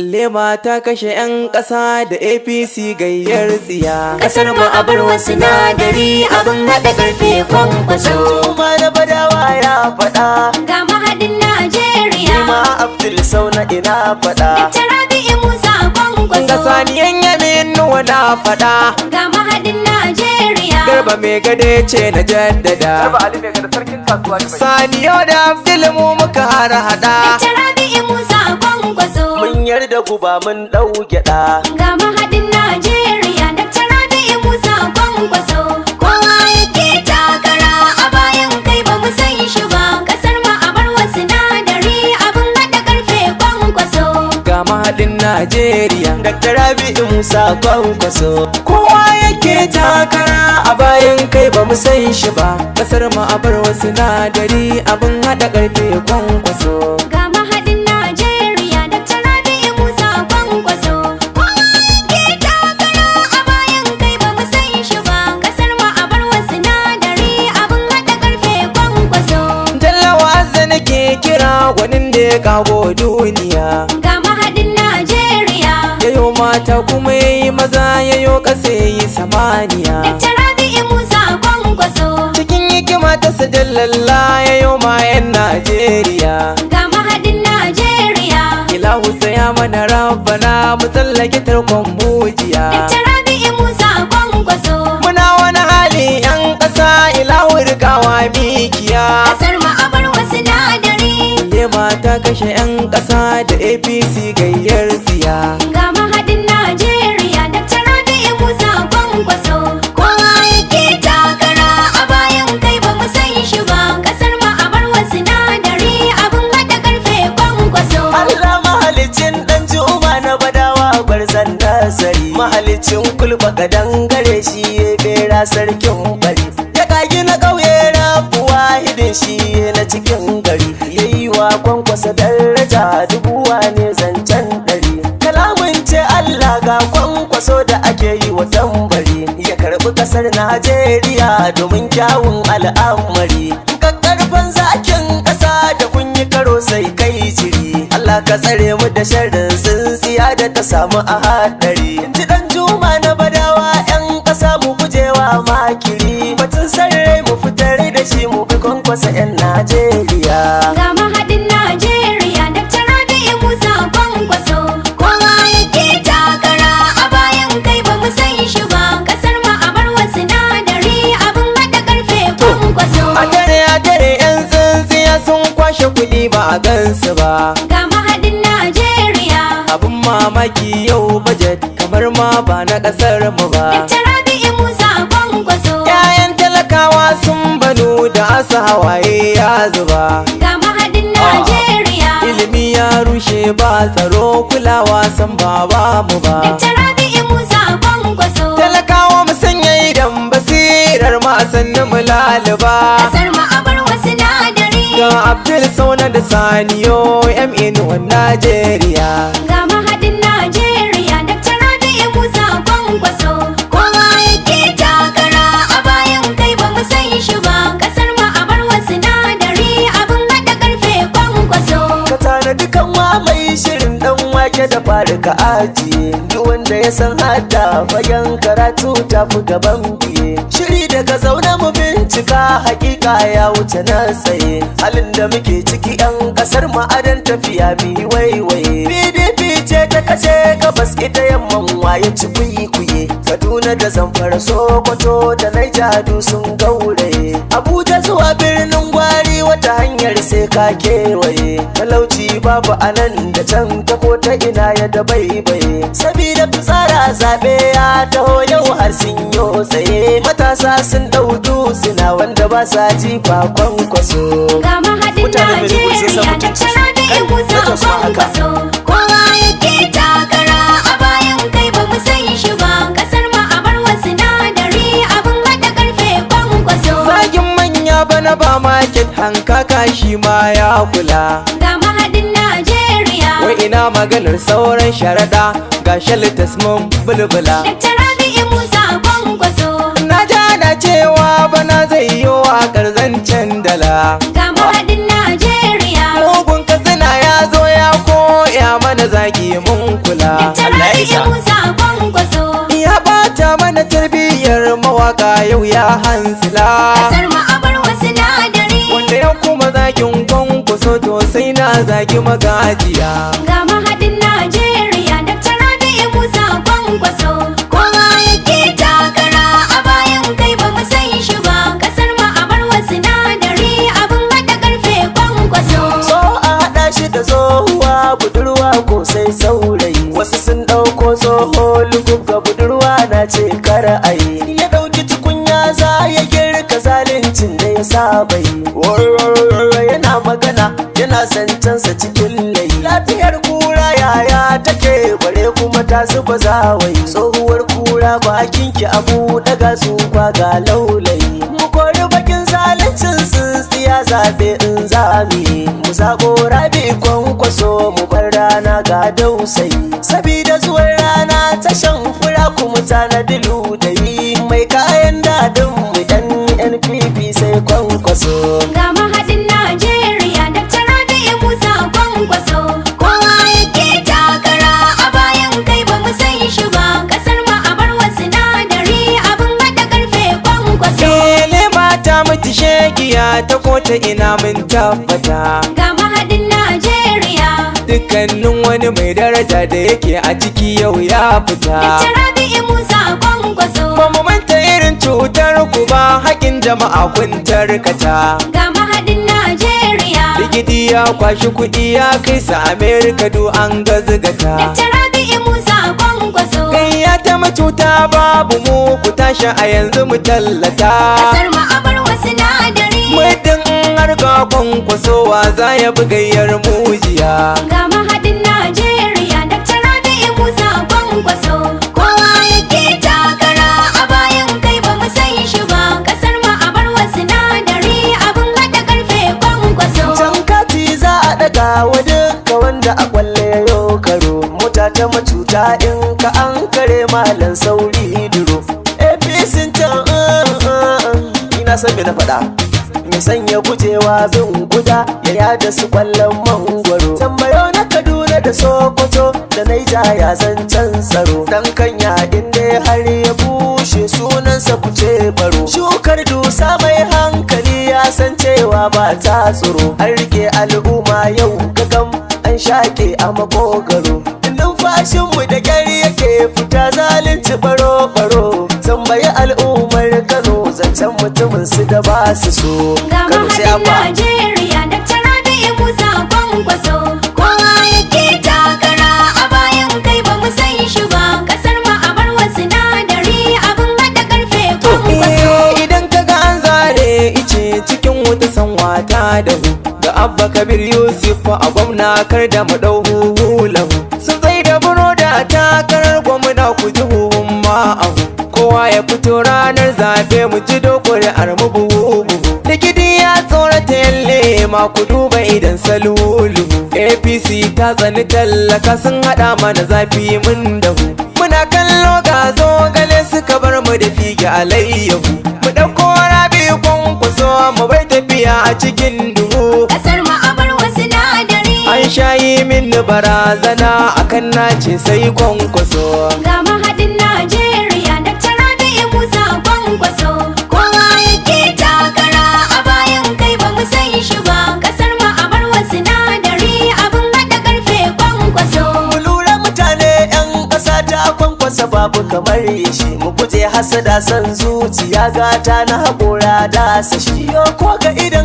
Leba ta kashe 'yan ƙasa da APC gayyar tsiya. Kasar mu a bar wasu nadari abin haɗa ƙarfe kwankwaso. Tuma da badawa ya faɗa. Ga mahaɗin Najeriya. Nima Abdul na ina faɗa. Dr. in Musa kwankwaso. Ga saniyan yamin nuwa na faɗa. Ga mahaɗin Najeriya. Garba mai gade ce na jaddada. Garba Ali mai gada Saniyo da filmu muka har hada. Mun yarda guba mun ɗau gyaɗa. Ga mahadin Najeriya da tarabi Musa Gwangwaso. Najeriya Dr. Rabi'u Musa Kwankwaso kowa yake takara a bayan kai ba mu san shi ba kasar mu a bar wasu nadari abin kwankwaso ga mahaɗin Najeriya Musa takara a bayan kai ba shi ba kasar mu a abin hada karfe kwankwaso nake kira da ya kago duniya kuma yayi maza yayo kasa yayi samaniya Dr. Rabi'u Musa Cikin hikima ta sajallalla yayo ma yan Najeriya Ga mahadin Najeriya Ilahu ya mana rabbana mu tsallake tarkon mujiya Dr. Rabi'u Musa Muna wani hali yan ƙasa ila hurgawa mikiya Kasar mu abar wasu nadari Ne mata kashe yan ƙasa da APC gayyar dangare shi ya bera sarkin bari ya kagi na ƙauye na kuwa hidin shi na cikin gari ya yi wa kwankwasa daraja dubuwa ne zancen ɗari kalamun ce Allah ga kwankwaso da ake yi wa tambari ya karɓi ƙasar Najeriya domin kyawun al'amari kakkarfan zakin ƙasa da kun yi karo sai Allah ka tsare mu da sharrin tsintsiya da ta samu a haɗari ji dan juma na badawa yan ƙasa mu gujewa makiri batun sarrai mu fitar da shi mu bi kwankwasa yan Najeriya ga mahaɗin Najeriya Dr. Rabi'u Musa kwankwaso kowa yake takara a bayan kai ba mu san shi ba kasar mu a bar wa sinadari abin haɗa karfe kwankwaso a dare a dare yan tsintsiya sun kwashe kuɗi ba a gansu ba mamaki yau budget kamar ma ba na kasar mu ba Yayan talakawa sun banu da asu hawaye ya zuba Ga mahadin ah, Najeriya Ilimi ya rushe ba tsaro kulawa san ba ba mu ba Talakawa mu sanya idan basirar ma sannu mu laluba Abdul Sauna da Saniyo MN Najeriya ce da faru ka ajiye duk wanda ya san hada fagen karatu ta fi gaban biye shiri daga zaune mu bincika hakika ya wuce na tsaye halin da muke ciki yan kasar mu adan tafiya bi waiwaye PDP ce ta kashe gabas ita yamman waye ci kuyi Kaduna da Zamfara Sokoto da Naija du sun gauraye Abuja zuwa birnin ka kewaye talauci babu anan da can ta ko ta ina ya da baibaye sabida fitsara zaɓe ya taho yau har sun yo tsaye matasa sun dau suna wanda ba sa ji kwan kwankwaso ga mahadin Najeriya da tara da igusa kwankwaso kowa yake takara a bayan kai ba mu san shi ba market hankaka shi ma ya kula. Ga mahadin Najeriya. Wai ina maganar sauran sharada ga shalitas mun bulbula. Dr. Rabi'u Musa Gwangwaso. Na ja da cewa bana zai yi waƙar zancen dala. Ga mahadin Najeriya. Mugun katsina ya zo ya koya mana zaki mun kula. Dakta Rabi'u Musa Gwangwaso. Ya bata mana tarbiyyar mawaka yau ya hansila. to sai na zagi magajiya lafiyar kura yaya take bare kuma ta zuba zawai tsohuwar kura bakin ki abu daga zuwa ga laulayi mu kori bakin zalincin siya zabe in zami mu zago rabi kwankwaso mu bar rana ga dausayi sabida zuwan rana ta shan fura kuma ta na dilu yi mai kayan dadin mu dan npp sai kwankwaso ta kota ina mun tabbata ga mahadin Najeriya dukkanin wani mai daraja da yake a ciki yau ya fita ba mu manta irin cutar ku ba haƙin jama'a kun tarkata ga mahadin Najeriya Rigidi ya kwashi kuɗi ya kai sa Amerika du an gazgata Dr. Musa Kwankwaso Gayya ta macuta babu mu ku tashi a yanzu mu tallata Kasar mu abar wasu nadar kwasowa za ya bi gayyar mujiya ga mahadin najeriya dakta rabi musa kwankwaso kowa yake takara a bayan kai ba mu san shi ba kasar mu a bar wa sinadari abin hada karfe can kati za a daga wa duka wanda a kwalle yau karo mota ta macuta in ka an kare malan sauri duro apc can uh, uh, uh, ina san me na faɗa me sanya gujewa zan Abuja ya yada su kwallon mangwaro tambayo na Kaduna da Sokoto da Naija ya zancen tsaro dan kanya inda har ya bushe sunansa kuce baro shukar dusa mai hankali ya san cewa ba ta tsoro an rike al'umma yau gagam an shake a makogaro numfashinmu da gari yake fita zalunci baro-baro tambayi al'ummar kano zancen mutumin su da ba su so kano sai a da dahu ga abba kabir yusuf a gwamna kar da mu dau hulahu sun tsaye da buro da takarar gwamna ku ji huhun ma'ahu kowa ya fito ranar zafe mu ji dokuri mu buhu buhu likiti ya tsorata yalle ma ku duba idan salulu apc ta tsani tallaka sun haɗa mana zafi mun dahu muna kallo ga zogale suka bar mu da fige alayyahu mu ɗauko rabi kwankwaso mu bai a cikin duhu kasar ma abar wasu na dare an shayi min barazana akan nace sai kwankwaso ga mahadin Najeriya da tara da Musa kwankwaso kowa yake takara a bayan kai ba mu sai shi ba kasar ma abarwa wasu na dare abin hada karfe kwankwaso mu lura mutane yan kasa ta kwankwasa babu kamar shi mu guje hasada san zuciya gata na hakora da sashi ko ga idan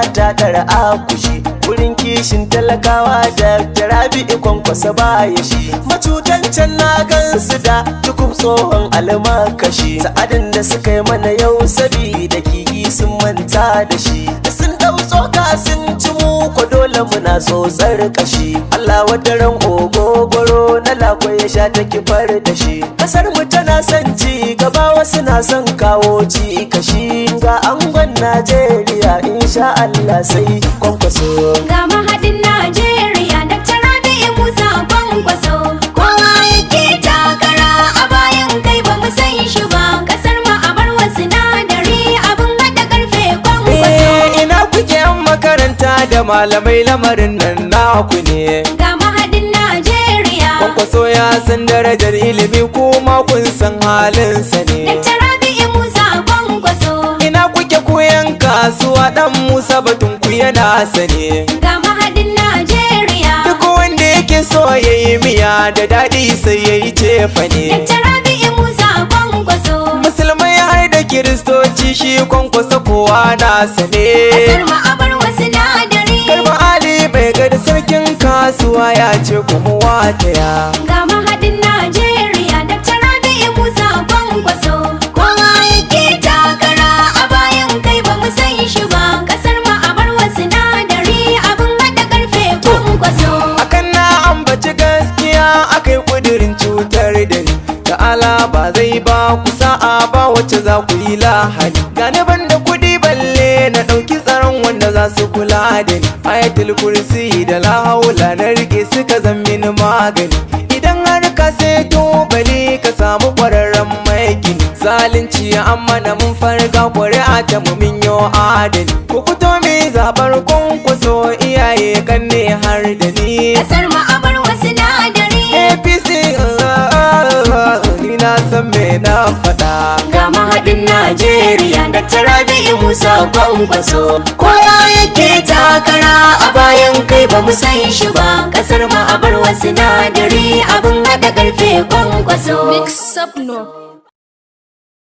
mata tara a kushi wurin kishin talakawa da jarabi ikon kwasa baya shi macutancan na gansu da tukub tsohon almakashi sa'adin da suka yi mana yau sabi da kiki sun manta da shi da sun dau tsoka sun ci mu dole muna tsotsar kashi Allah ran ogogoro akwai ya sha ta kifar da shi kasar mu tana son ci gaba wasu na son kawo ci kashi ga angon najeriya insha allah sai kwankwaso ga mahadin najeriya dr rabi'u musa kwankwaso kowa yake takara a bayan kai ba mu san shi ba kasar mu a bar wasu nadari abin hada karfe kwankwaso eh, ina kuke makaranta da malamai lamarin nan ku ne kwaso ya san darajar ilimi kuma kun san halin sa ne ina kuke koyan kasuwa dan musa batun ku yana sane ga mahadin najeriya duk wanda yake so yayi miya da daɗi sai ya yi cefa ne musulmai har da kiristoci shi kwankwaso kowa na sane karba kasuwa ya ce kuma wataya ga mahadin najeriya da tara da ya musa kwankwaso kowa yake takara a bayan kai ba mu san shi ba kasar mu a bar wasu nadari abin hada karfe kwankwaso akan na ambaci gaskiya akai kudirin cutar da ni ta'ala ba zai ba ku sa'a ba wacce za ku yi lahani ga ban da ku wanda za su kula da ni ayatul kursi da la haula na rike suka zammi ni magani idan har ka seto bale ka samu kwararren mai gini zalunci amma na mun farga ƙuri'a ta mu min yo adani ku fito mi zabar kun ku so iyaye kan ne har da ni kasar mu abar wasu nadari APC ni na san me na faɗa fadin Najeriya da Rabi'u Musa ko kowa yake takara a bayan kai ba mu san shi ba ƙasar ma a bar wasu nadari abin haɗa ƙarfe Kwankwaso mix up no